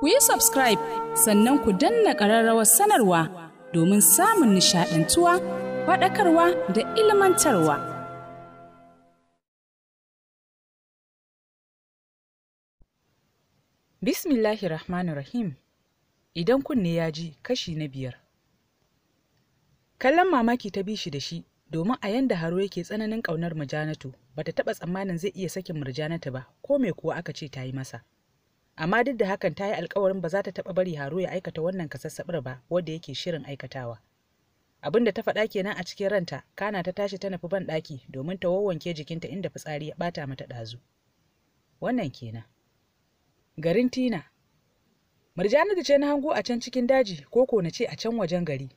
ku yi subscribe sannan ku danna ƙararrawar sanarwa domin samun nishaɗantuwa faɗakarwa da ilmantarwa. Bismillahi Rahmanu Rahim Idan kunne ya ji kashi na biyar. Kallon mamaki ta bi shi da shi domin a yanda haro yake tsananin ƙaunar murjanatu bata taɓa tsammanin zai iya sakin murjanatu ba ko mai kuwa aka ce ta yi masa. amma duk da hakan ta yi alkawarin ba za ta taɓa bari haro ya aikata wannan kasassaɓar ba wadda yake shirin aikatawa abin da ta faɗa kenan a cikin ranta kana ta tashi ta nufi ban ɗaki domin ta wawwanke jikinta inda fitsari ya ɓata mata ɗazu wannan kenan garin tina murjani ce na hango a can cikin daji ko ko na ce a can wajen gari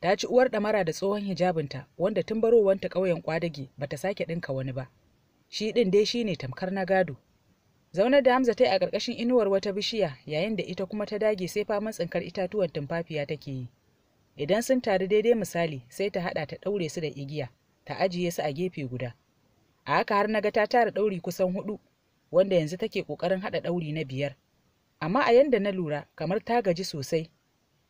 ta ci uwar ɗamara da tsohon hijabinta wanda tun barowanta ƙauyen kwadage ta sake ɗinka wani ba shi ɗin dai shine tamkar na gado zaunar da hamza ta yi a ƙarƙashin inuwar wata bishiya yayin da ita kuma ta dage sai faman tsinkar itatuwan tumfafiya take yi idan sun taru daidai misali sai ta haɗa ta ɗaure su da igiya ta ajiye su a gefe guda a haka har naga ta tara ɗauri kusan hudu wanda yanzu take ƙoƙarin haɗa ɗauri na biyar amma a yanda na lura kamar ta gaji sosai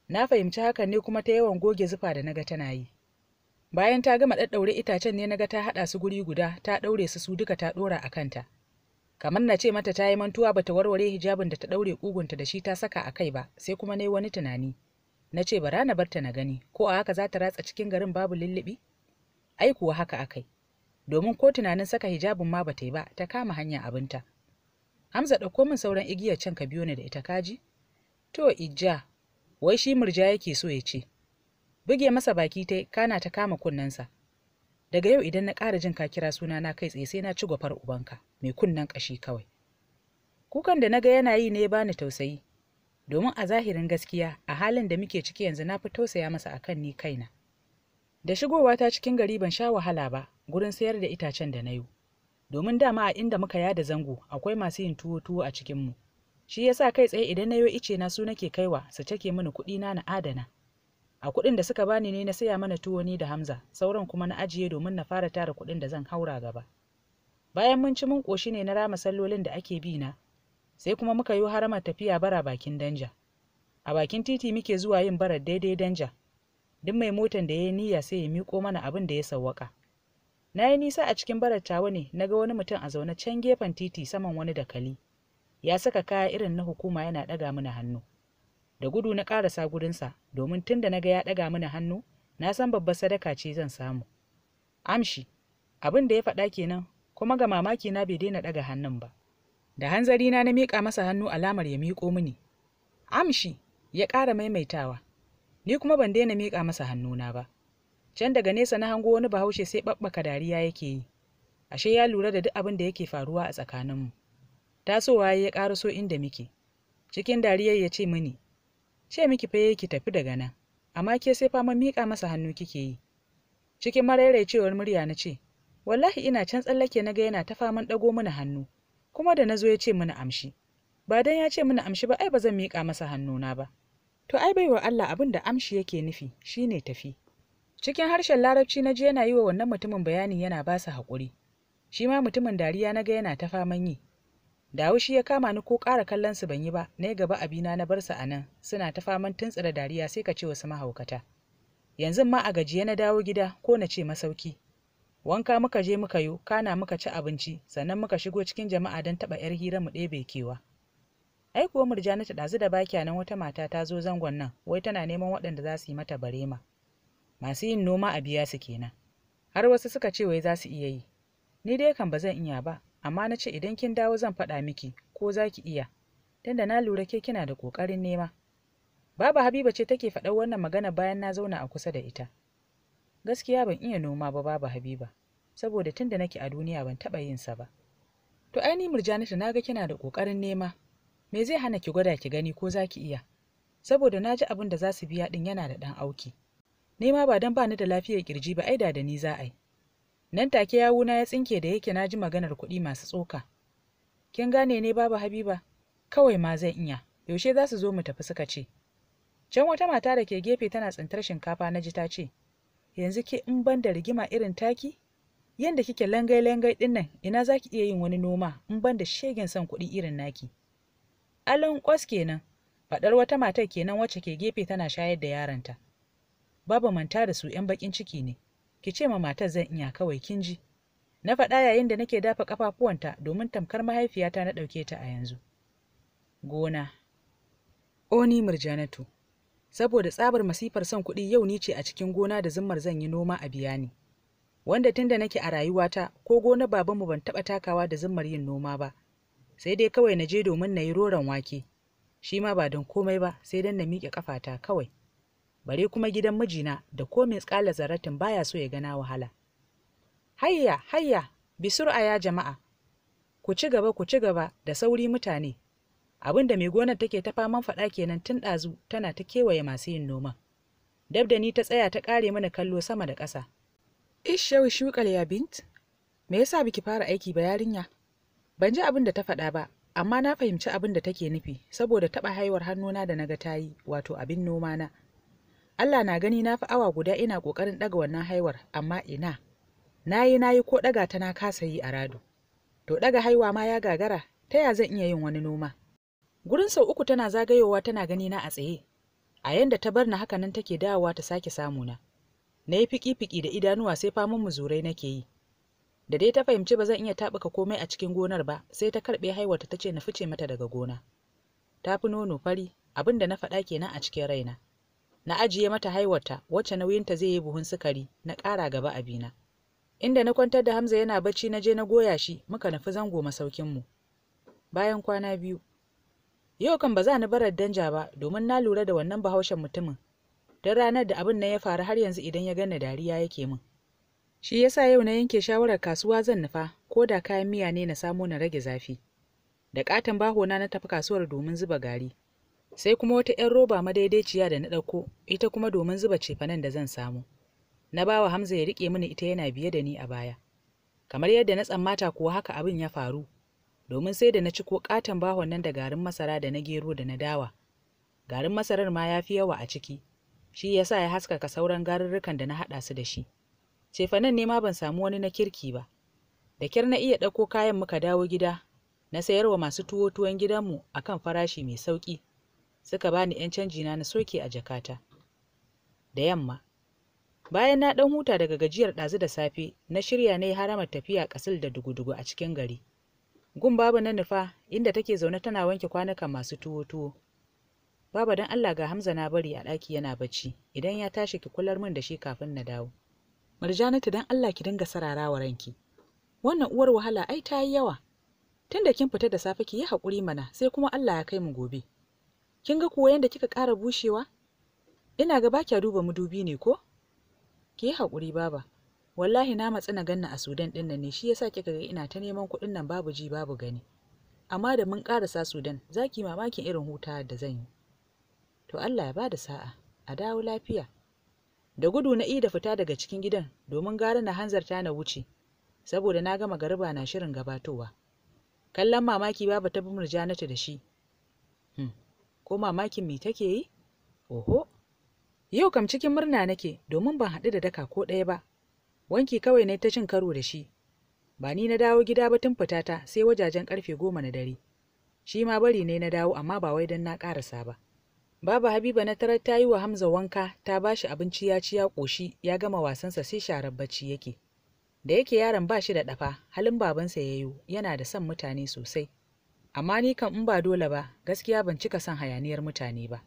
na fahimci hakan ne kuma ta yawan goge zufa da naga tana yi bayan ta gama ɗaɗɗaure itacen ne naga ta haɗa su guri guda ta ɗaure su su duka ta ɗora a kanta kamar na ce mata ta yi mantuwa bata warware hijabin da ta ɗaure ƙugunta da shi ta saka a kai ba sai kuma na yi wani tunani na ce bara na barta na gani ko a haka za ta ratsa cikin garin babu lullubi ai kuwa haka kai. domin ko tunanin saka hijabin ma bata yi ba ta kama hanya abinta Hamza ɗauko min sauran igiyar can ka biyo ni da ita kaji to ija. wai shi murja yake so ya ce buge masa baki ta kana ta kama kunnensa daga yau idan na ƙara jin ka kira suna na kai tsaye sai na ci gwafar ubanka mai kunnen ƙashi kawai kukan da na ga yana yi ne ya bani tausayi domin a zahirin gaskiya a halin da muke ciki yanzu na fi tausaya masa akan ni kaina da shigowa ta cikin gari ban sha wahala ba gurin sayar da itacen da na yi domin dama a inda muka yada zango akwai masu yin tuwo-tuwo a cikinmu shi yasa kai tsaye idan na yi ice na su nake kaiwa su cake mini kuɗi na na adana a kuɗin da suka bani ne na saya mana tuwo ni da hamza sauran kuma na ajiye domin na fara tara kuɗin da zan haura gaba bayan mun ci mun ƙoshi ne na rama sallolin da ake bi na sai kuma muka yi haramar tafiya bara bakin danja a bakin titi muke zuwa yin barar daidai danja duk mai motan da ya yi niyya sai ya miƙo mana abin da ya sawwaka na yi nisa a cikin barar tawa ne na ga wani mutum a zaune can gefen titi saman wani dakali ya saka kaya irin na hukuma yana ɗaga mana hannu da gudu na ƙarasa gurinsa domin tun da na ga ya ɗaga mini hannu na san babbar sadaka ce zan samu amshi abin da ya faɗa kenan kuma ga mamaki na bai daina ɗaga hannun ba da hanzari na na miƙa masa hannu alamar ya miƙo mini amshi ya ƙara maimaitawa ni kuma ban daina miƙa masa hannuna ba can daga nesa na hango wani bahaushe sai ɓaɓɓaka dariya yake yi ashe ya lura da duk abin da yake faruwa a tsakaninmu tasowa ya ƙaraso inda muke cikin dariyar ya ce mini ce miki fa ki tafi daga nan amma ke sai fama mika masa hannu kike yi cikin marairaicewar murya na ce wallahi ina can tsallake naga yana ta faman ɗago mana hannu kuma da na zo ya ce mana amshi ba dan ya ce mana amshi ba ai ba zan miƙa masa hannu na ba to ai baiwa Allah abin da amshi yake nufi shine tafi cikin harshen larabci na ji yana yi wa wannan mutumin bayanin yana ba sa haƙuri shi ma mutumin dariya na ga yana ta faman yi da haushi ya kama ni ko ƙara kallon su ban yi ba na yi gaba abina na bar su a nan suna ta faman tuntsira dariya sai ka ce wasu mahaukata yanzu ma a gajiye na dawo gida ko na ce masauki wanka muka je muka yo kana muka ci abinci sannan muka shigo cikin jama'a don taɓa 'yar hira mu ɗebe kewa ai kuwa murjani ta ɗazu da baki nan wata mata ta zo zangon nan wai tana neman waɗanda za su yi mata barema masu yin noma a biya su kenan har wasu suka ce wai za su iya yi ni dai kan ba zan iya ba amma na ce idan kin dawo zan faɗa miki ko za ki iya tunda na lura ke kina da ƙoƙarin nema baba habiba ce take faɗar wannan magana bayan na zauna a kusa da ita gaskiya ban iya noma ba baba habiba saboda tunda nake a duniya ban taɓa yin sa ba to aini murjanatu ga kina da ƙoƙarin nema me zai hana ki gwada ki gani ko za ki iya saboda na ji abin da za su biya ɗin yana da ɗan auki nema ba don ba ni da lafiyar kirji ba aida da ni za a yi nan take yawuna ya tsinke da yake naji maganar kuɗi masu tsoka kin gane ne babu habiba kawai ma zan iya yaushe za su zo mu tafi suka ce can wata mata da ke gefe tana tsintar shinkafa na ji ta ce yanzu ke in ban da rigima irin taki yanda kike langai langai din nan ina za ki iya yin wani noma in ban da shegen son kuɗi irin naki alon kwas kenan faɗar wata matar kenan wacce ke gefe tana shayar da yaranta babu manta da su 'yan bakin ciki ne ki ce ma matar zan iya kawai kin ji na faɗa yayin da nake dafa ƙafafuwanta domin tamkar mahaifiyata na ɗauke ta a yanzu gona oni murjanatu saboda tsabar masifar son kuɗi yau ni ce a cikin gona da zimmar zan yi noma a biya ni wanda tun da nake a rayuwata ko gona babanmu ban taɓa takawa da zimmar yin noma ba sai dai kawai na je domin na yi roron wake shi ma ba don komai ba sai don na miƙe ƙafata kawai bare kuma gidan mijina da ko mai tsala zaratin baya so ya gana wahala hayya hayya a ya jama'a ku ci gaba ku ci gaba da sauri mutane abin da mai gonar take ta faman faɗa kenan tun ɗazu tana ta kewaye masu yin noma dab ni ta tsaya ta ƙare mana kallo sama da ƙasa ishau shukalya, ya bint me yasa biki fara aiki ba yarinya ban ji abin da ta faɗa ba amma na fahimci abin da take nufi saboda taɓa haihuwar hannuna da naga tayi wato abin noma na Allah na gani na fi awa guda ina ƙoƙarin ɗaga wannan haiwar amma ina na yi na yi ko ɗaga ta na kasa yi a rado to ɗaga haiwa ma ya gagara ta ya zan iya yin wani noma gurin sau uku tana zagayowa tana gani na a tsaye a yanda ta bar na haka nan take dawowa ta sake samu na yi fiki-fiki da idanuwa sai faman muzurai nake yi da dai ta fahimci ba zan iya taɓuka komai a cikin gonar ba sai ta karɓe haiwata ta ce na fice mata daga gona ta fi nono fari abin da na faɗa kenan a cikin raina na ajiye mata haiwata wacce nauyinta zai yi buhun sukari na ƙara gaba abina inda na kwantar da hamza yana bacci na je na goya shi muka nufi zango masaukinmu bayan kwana biyu yau kan ba za ni barar danja ba domin na lura da wannan bahaushen mutumin don ranar da abin na ya faru har yanzu idan ya gane dariya yake min shi yasa yau na yanke shawarar kasuwa zan nufa ko da kayan miya ne na samo na rage zafi da katon baho na na tafi kasuwar domin zuba gari sai kuma wata 'yan roba madaidaiciya da na ɗauko ita kuma domin zuba cefanen da zan samu na bawa hamza ya riƙe mini ita yana biye da ni a baya kamar yadda na tsammata kuwa haka abin ya faru domin sai da na ci ko katon bahon nan da garin masara da na gero da na dawa garin masarar ma ya fi yawa a ciki shi ya sa ya haskaka sauran garurrukan da na haɗa su da shi cefanen ne ma ban samu wani na kirki ba da kyar na iya ɗauko kayan muka dawo gida na sayarwa masu tuwo tuwon gidanmu akan farashi mai sauƙi suka bani 'yan canji na na soke a jakata da yamma bayan na ɗan huta daga gajiyar ɗazu da safe na shirya na yi haramar tafiya ƙasil da dugu-dugu a cikin gari gun babu na nufa inda take zaune tana wanke kwanuka masu tuwo-tuwo baba don allah ga hamza na bari a ɗaki yana bacci idan ya tashi ki kular min da shi kafin na dawo marjanatu don allah ki dinga sararawa ranki wannan uwar wahala ai ta yi yawa tunda kin fita da safe ki yi haƙuri mana sai kuma allah ya kai mu gobe kin ga kuwa yanda kika ƙara bushewa ina ga kya duba madubi ne ko ki yi haƙuri baba wallahi na matsi na ganna a sudan ɗin nan ne shi yasa kika ga ina ta neman kuɗin nan babu ji babu gani amma da mun ƙarasa sudan za ki mamakin irin huta da zan yi to allah ya ba da sa'a a dawo lafiya da gudu na da fita daga cikin gidan domin gara na hanzarta na wuce saboda na gama garba na shirin gabatowa kallon mamaki babu ta bi murjanatu da shi hmm. ko mamakin me take yi oho yau kam cikin murna nake domin ban haɗu da daka ko ɗaya ba wanki kawai ne ta cin karo da shi ba ni na dawo gida ba tun fita ta, sai wajajen ƙarfe goma na dare shi ma bari ne na dawo amma ba wai don na ƙarasa ba Baba Habiba na tarar ta yi wa Hamza wanka, ta ba shi abinci ya ci ya ƙoshi, ya gama wasansa sai sharar bacci yake. Da yake yaron ba shi da ɗafa, halin babansa ya yiwu yana da son mutane sosai. amma ni kam in ba dole ba gaskiya ban cika son hayaniyar mutane ba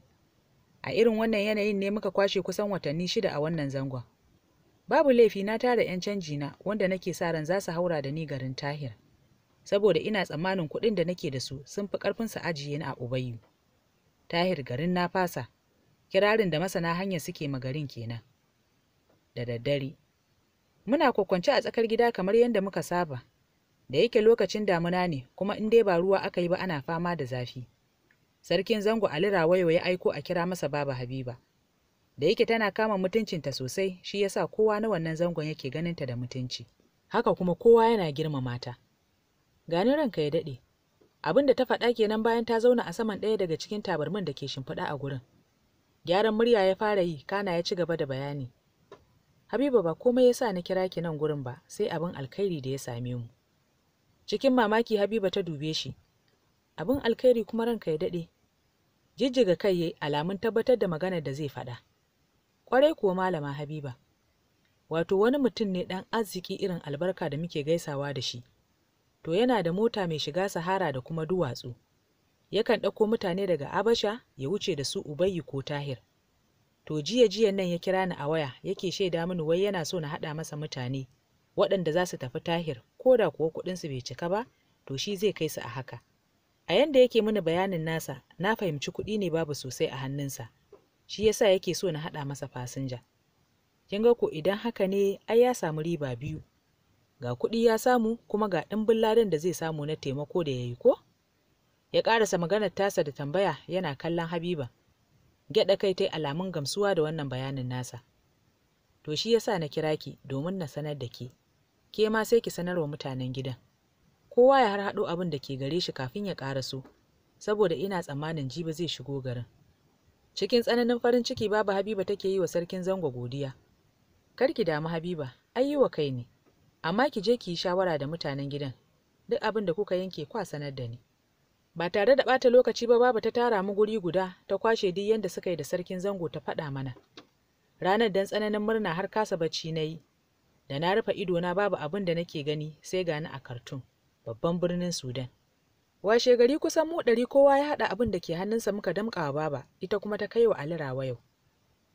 a irin wannan yanayin ne muka kwashe kusan watanni shida a wannan zangon babu laifi na tara 'yan canji na wanda nake sa ran za su haura da ni garin tahir saboda ina tsammanin kuɗin da nake da su sun fi ƙarfin su ajiye ni a ubayu tahir garin na fasa kirarin da masana hanyar suke ma garin kenan da daddare muna kwakwance a tsakar gida kamar yadda muka saba da yake lokacin damuna ne kuma in dai ba ruwa aka yi ba ana fama da zafi sarkin zango ali rawayo ya aiko a kira masa baba habiba da yake tana kama mutuncinta sosai shi yasa kowa na wannan zangon yake ganinta da mutunci haka kuma kowa yana girma mata. gani ranka ya daɗe abin da ta faɗa kenan bayan ta zauna a saman ɗaya daga cikin tabarmin da ke shimfiɗa a gurin gyaran murya ya fara yi kana ya ci gaba da bayani habiba ba komai ya sa na kira ki nan gurin ba sai abin alkhairi da ya same mu cikin mamaki habiba ta dube shi abin alkhairi kuma ranka ya daɗe jijjiga kai yayi alamun tabbatar da maganar da zai faɗa kwarai kuwa malama habiba wato wani mutum ne ɗan arziki irin albarka da muke gaisawa da shi to yana da mota mai shiga sahara da kuma duwatsu yakan ɗauko mutane daga abasha ya wuce da su ubayi ko tahir to jiya jiya nan ya kira ni a waya yake shaida mini wai yana so na haɗa masa mutane waɗanda za su tafi tahir ko da kuwa kuɗinsu bai cika ba to shi zai kai su a haka a yanda yake mini bayanin nasa na fahimci kuɗi ne babu sosai a hannunsa shi yasa yake so na haɗa masa fasinja kin ga ko idan haka ne ai ya samu riba biyu ga kuɗi ya samu kuma ga ɗimbin ladan da zai samu na taimako da ya yi ko ya ƙarasa maganar tasa da tambaya yana kallon habiba gyaɗa kai ta alamun gamsuwa da wannan bayanin nasa to shi yasa na kira ki domin na sanar da ke ke ma sai ki sanar wa mutanen gidan kowa ya har harhaɗo abin da ke gare shi kafin ya ƙaraso saboda ina tsammanin jiba zai shigo garin cikin tsananin farin ciki babu habiba take yi wa sarkin zango godiya kar ki damu habiba ai yi wa kai ne amma ki je ki yi shawara da mutanen gidan duk abin da kuka yanke kwa sanar da ni ba tare da ɓata lokaci ba babu ta tara mu guri guda ta kwashe duk yadda suka yi da sarkin zango ta faɗa mana ranar dan tsananin murna har kasa bacci na yi da na rufe idona babu abin da nake gani sai gani a kartun babban birnin sudan washe gari kusan mu ɗari kowa ya haɗa abin da ke hannunsa muka damƙa wa baba ita kuma ta kai wa alirawa yau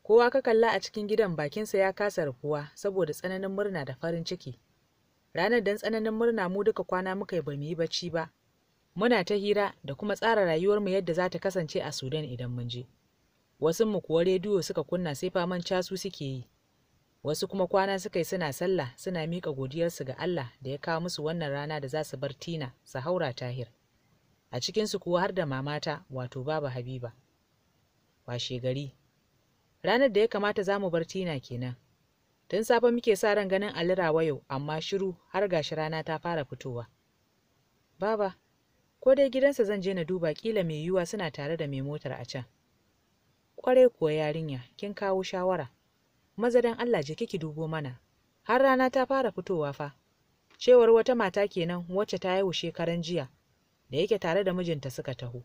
kowa ka kalla a cikin gidan bakinsa ya kasa rufuwa saboda tsananin murna da farin ciki ranar dan tsananin murna mu duka kwana muka yi ba mu yi bacci ba muna ta hira da kuma tsara rayuwarmu yadda za ta kasance a sudan idan mun je wasu mu kuwa rediyo suka kunna sai faman casu suke yi wasu kuma kwana suka yi suna sallah suna miƙa godiyarsu ga Allah da ya kawo musu wannan rana da za su bar Tina su haura Tahir a cikinsu kuwa har da mamata wato baba Habiba washe gari ranar da ya kamata za mu bar Tina kenan tun safe muke sa ran ganin alira wayo amma shiru har gashi rana ta fara fitowa baba ko dai gidansa zan je na duba kila mai yiwuwa suna tare da mai motar a can kwarai kuwa yarinya kin kawo shawara maza dan Allah je kiki dubo mana har rana ta fara fitowa fa cewar wata mata kenan wacce ta haihu shekaran jiya da yake tare da mijinta suka taho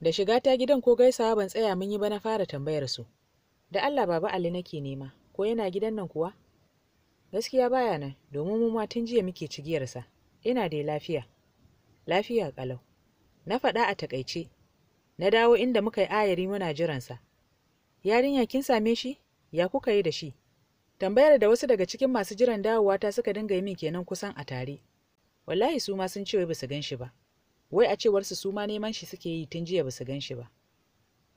da shiga ta gidan ko gaisawa ban tsaya mun yi ba na fara tambayar su da Allah baba Ali nake nema ko yana gidan nan kuwa gaskiya baya nan domin mu matun jiya muke cigiyarsa ina da lafiya lafiya kalau na faɗa a takaice na dawo inda muka yi ayari muna jiransa yarinya kin same shi ya kuka yi da shi tambayar da wasu daga cikin masu jiran dawowa ta suka dinga yi min kenan kusan a tare wallahi su ma sun ce wai basu gan shi ba wai a cewar su ma neman shi suke yi tun jiya basu gan shi ba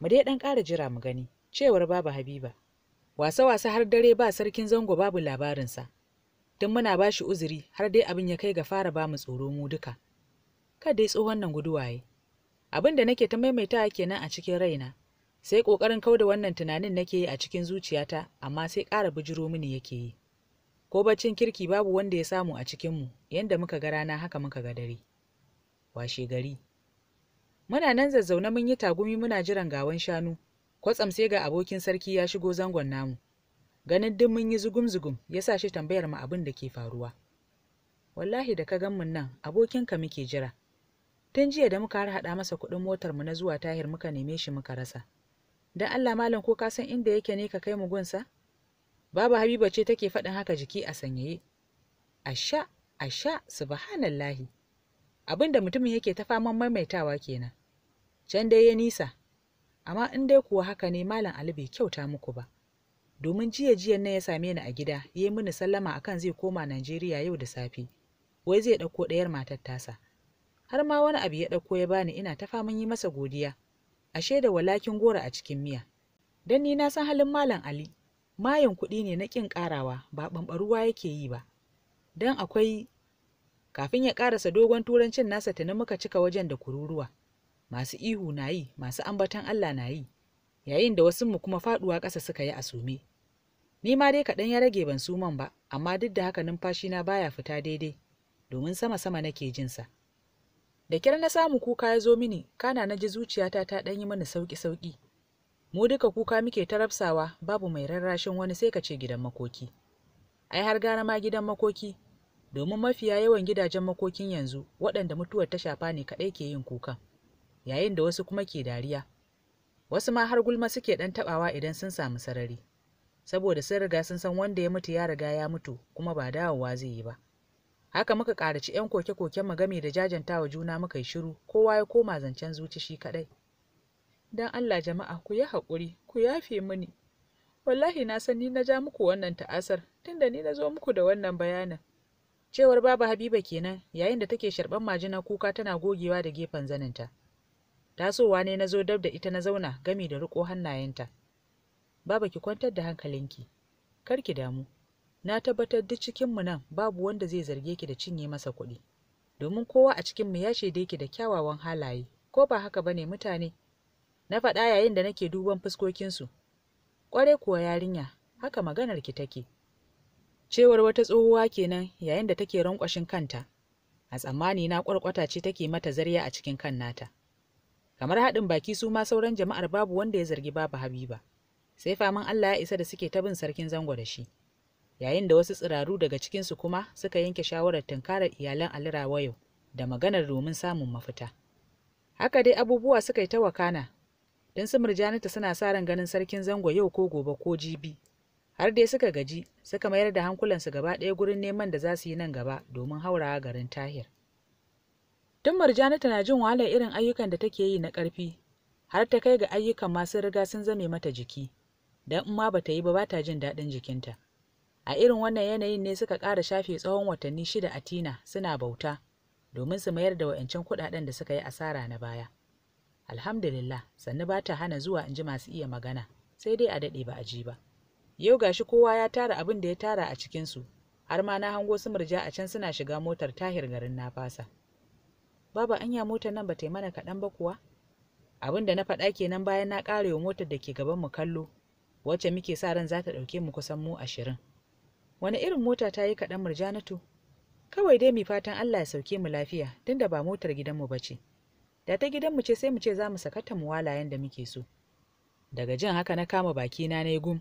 mu dai dan ƙara jira mu gani cewar babu habiba wasa wasa har dare ba sarkin zango babu labarinsa tun muna bashi uzuri har dai abin ya kai ga fara ba mu tsoro mu duka Ka dai tsohon nan guduwaye abin da nake ta maimaita kenan a cikin raina sai ƙoƙarin da wannan tunanin nake yi a cikin zuciyata amma sai ƙara bijiro mini yake yi ko baccin kirki babu wanda ya samu a cikinmu yadda muka ga rana haka muka ga dare washe gari muna nan zazzaune mun yi tagumi muna jiran gawan shanu kwatsam sai ga abokin sarki ya shigo zangon namu ganin duk mun yi zugum-zugum ya sa shi tambayar mu abin da ke faruwa wallahi da ka gan mun nan abokinka muke jira tun jiya da muka har haɗa masa kuɗin motar mu na zuwa tahir muka neme shi muka rasa dan Allah malam ko ka san inda yake ne ka kai mu gunsa baba habiba ce take faɗin haka jiki a sanyaye asha asha subhanallahi abin da mutumin yake ta faman maimaitawa kenan can dai ya nisa amma in dai kuwa haka ne malam ali bai kyauta muku ba domin jiya jiyan nan ya same ni a gida ya yi mini sallama akan zai koma najeriya yau da safe wai zai ɗauko ɗayar matar tasa har ma wani abu ya ɗauko ya bani ina ta faman yi masa godiya ashe da walakin goro a cikin miya don ni na san halin malam ali mayan kuɗi ne na ƙin ƙarawa ba ɓamɓaruwa yake yi ba don akwai kafin ya ƙarasa dogon turancin nasa tuni muka cika wajen da kururuwa masu ihu na yi masu ambatan allah na yi yayin da mu kuma faɗuwa ƙasa suka yi a sume ni ma dai kaɗan ya rage ban suman ba amma duk da haka numfashina baya fita daidai domin sama-sama nake jinsa da kyar na samu kuka ya zo mini kana na ji zuciyata ta ɗanyi yi sauki sauƙi sauƙi mu duka kuka muke tarafsawa babu mai rarrashin wani sai ka ce gidan makoki ai har gara ma gidan makoki domin mafiya yawan gidajen makokin yanzu waɗanda mutuwar ta shafa ne kaɗai ke yin kuka yayin da wasu kuma ke dariya wasu ma har gulma suke ɗan taɓawa idan sun samu sarari saboda sun riga sun san wanda ya mutu ya riga ya mutu kuma ba dawowa zai yi ba haka muka ƙaraci 'yan koke-koken mu game da jajantawa juna muka yi shiru kowa ya koma zancen zuci shi kaɗai don allah jama'a ku yi haƙuri ku yafe mini wallahi na san ni na ja muku wannan ta'asar tunda ni na zo muku da wannan bayanin cewar baba habiba kenan yayin da take sharban majina kuka tana gogewa da gefen zaninta tasowa ne na zo dab da ita na zauna gami da riƙo hannayenta baba ki kwantar da hankalinki kar ki damu na tabbatar duk cikinmu nan babu wanda zai zarge ki da cinye masa kuɗi domin kowa a cikinmu ya shaide ki da kyawawan halaye ko ba haka bane mutane na faɗa yayin da nake duban fuskokinsu ƙwarai kuwa yarinya haka maganar ki take cewar wata tsohuwa kenan yayin da take rankwashin kanta a tsammani na ƙwarƙwata ce take mata zarya a cikin kan nata kamar haɗin baki su ma sauran jama'ar babu wanda ya zargi babu habiba sai faman allah ya isa da suke ta bin sarkin zango da shi yayin da wasu tsiraru daga cikinsu kuma suka yanke shawarar tunkarar iyalan alira wayo da maganar domin samun mafita haka dai abubuwa suka yi ta wakana don su murjanita suna sa ran ganin sarkin zango yau ko gobe ko jibi har dai suka gaji suka mayar da hankulansu gaba ɗaya gurin neman da za su yi nan gaba domin haurawa garin tahir tun murjanita na jin wahalar irin ayyukan da take yi na ƙarfi har ta kai ga ayyukan masu riga sun zame mata jiki don in ma bata yi ba bata jin daɗin jikinta a irin wannan yanayin ne suka ƙara shafe tsawon watanni shida a tina suna bauta domin su mayar da wa'ancan kuɗaɗen da suka yi asara na baya alhamdulillah sannu ba ta hana zuwa in ji masu iya magana sai dai a daɗe ba a ji ba yau gashi kowa ya tara abin da ya tara a cikinsu har ma na hango su murja a can suna shiga motar tahir garin na fasa baba anya motar nan ba ta yi mana kaɗan ba kuwa abin da na faɗa kenan bayan na ƙare wa motar da ke gaban mu kallo wacce muke sa ran za ta ɗauke mu kusan mu ashirin wani irin mota ta yi kaɗan murjanatu kawai dai mai fatan allah ya sauke mu lafiya tun da ba motar gidanmu ba ce da ta gidanmu ce sai mu ce za mu sakata mu walayen da muke so daga jin haka na kama bakina na gum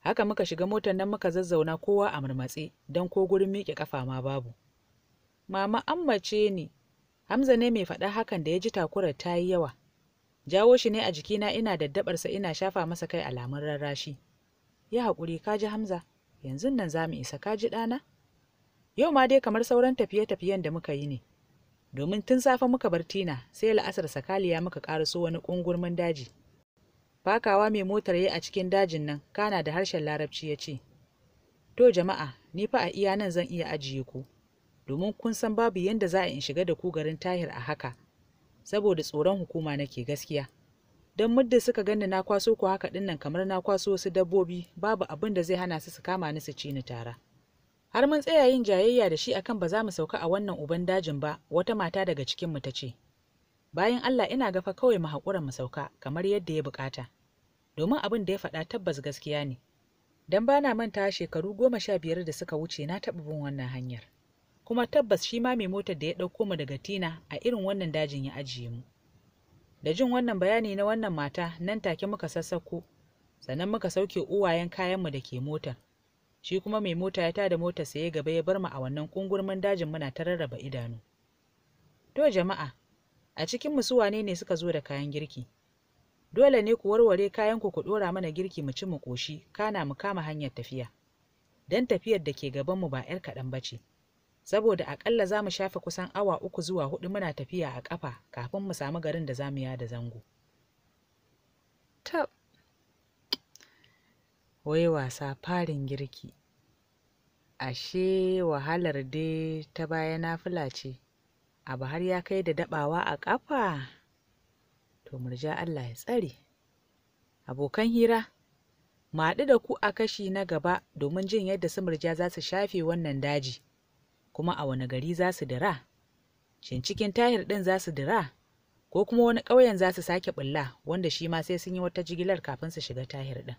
haka muka shiga motar nan muka zazzauna kowa a murmatse don ko gurin miƙe kafa ma babu mama ammace ni hamza ne mai faɗa hakan da ya ji takurar ta yi yawa jawo shi ne a jikina ina daddabarsa ina shafa masa kai alamun rarrashi Yi haƙuri ka ji hamza yanzu nan za mu isa kaji ɗana yau ma dai kamar sauran tafiye-tafiyen da muka yi ne domin tun safe muka bar tina sai la'asar sakaliya muka ƙaraso wani ƙungurmin daji fakawa mai motar ya a cikin dajin nan kana da harshen larabci ya ce to jama'a ni fa a iya nan zan iya ajiye ku domin kun san babu yadda za a in shiga da ku garin tahir a haka saboda tsoron hukuma nake gaskiya don muddin suka ganni na kwaso ku haka dinnan kamar na kwaso wasu dabbobi babu abin da zai hana su su kama ni su ci ni tara har mun tsaya yin jayayya da shi akan ba za mu sauka a wannan uban dajin ba wata mata daga cikin mu ta ce bayan Allah ina gafa kawai mu hakura mu sauka kamar yadda ya bukata domin abin da ya faɗa tabbas gaskiya ne dan bana manta shekaru goma sha biyar da suka wuce na taɓa bin wannan hanyar kuma tabbas shi ma mai motar da ya ɗauko mu daga tina a irin wannan dajin ya ajiye mu da jin wannan bayani na wannan mata nan take muka sassako sannan muka sauke uwayen kayanmu da ke motar shi kuma mai mota ya tada motar saye gaba ya bar mu a wannan kungurmin dajin muna ta rarraba idanu to jama'a a cikin mu su wane ne suka zo da kayan girki dole ne ku warware kayan ku ku dora mana girki mu ci mu koshi kana mu kama hanyar tafiya dan tafiyar da ke gaban mu ba 'yar kaɗan ba saboda ƙalla za mu shafe kusan awa uku zuwa hudu muna tafiya a ƙafa kafin mu samu garin da za mu yada zango. Tab! Wai wasa farin girki. Ashe wahalar dai ta baya nafila ce, abu har ya kai da daɓawa a ƙafa? To murja Allah ya tsare. Abokan hira, maɗu da ku a kashi na gaba domin jin yadda su murja za su shafe wannan daji. kuma a wani gari za su dira shin cikin tahir ɗin za su dira ko kuma wani ƙauyen za su sake ɓulla wanda shi ma sai sun yi wata jigilar kafin su shiga tahir ɗin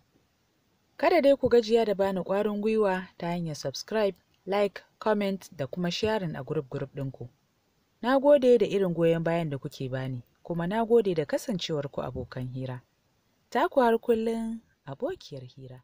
kada dai ku gajiya da bani ƙwarin gwiwa ta hanyar subscribe like comment da kuma sharing a group group ɗinku na gode da irin goyon bayan da kuke bani kuma na gode da kasancewarku abokan hira Ta har kullum abokiyar hira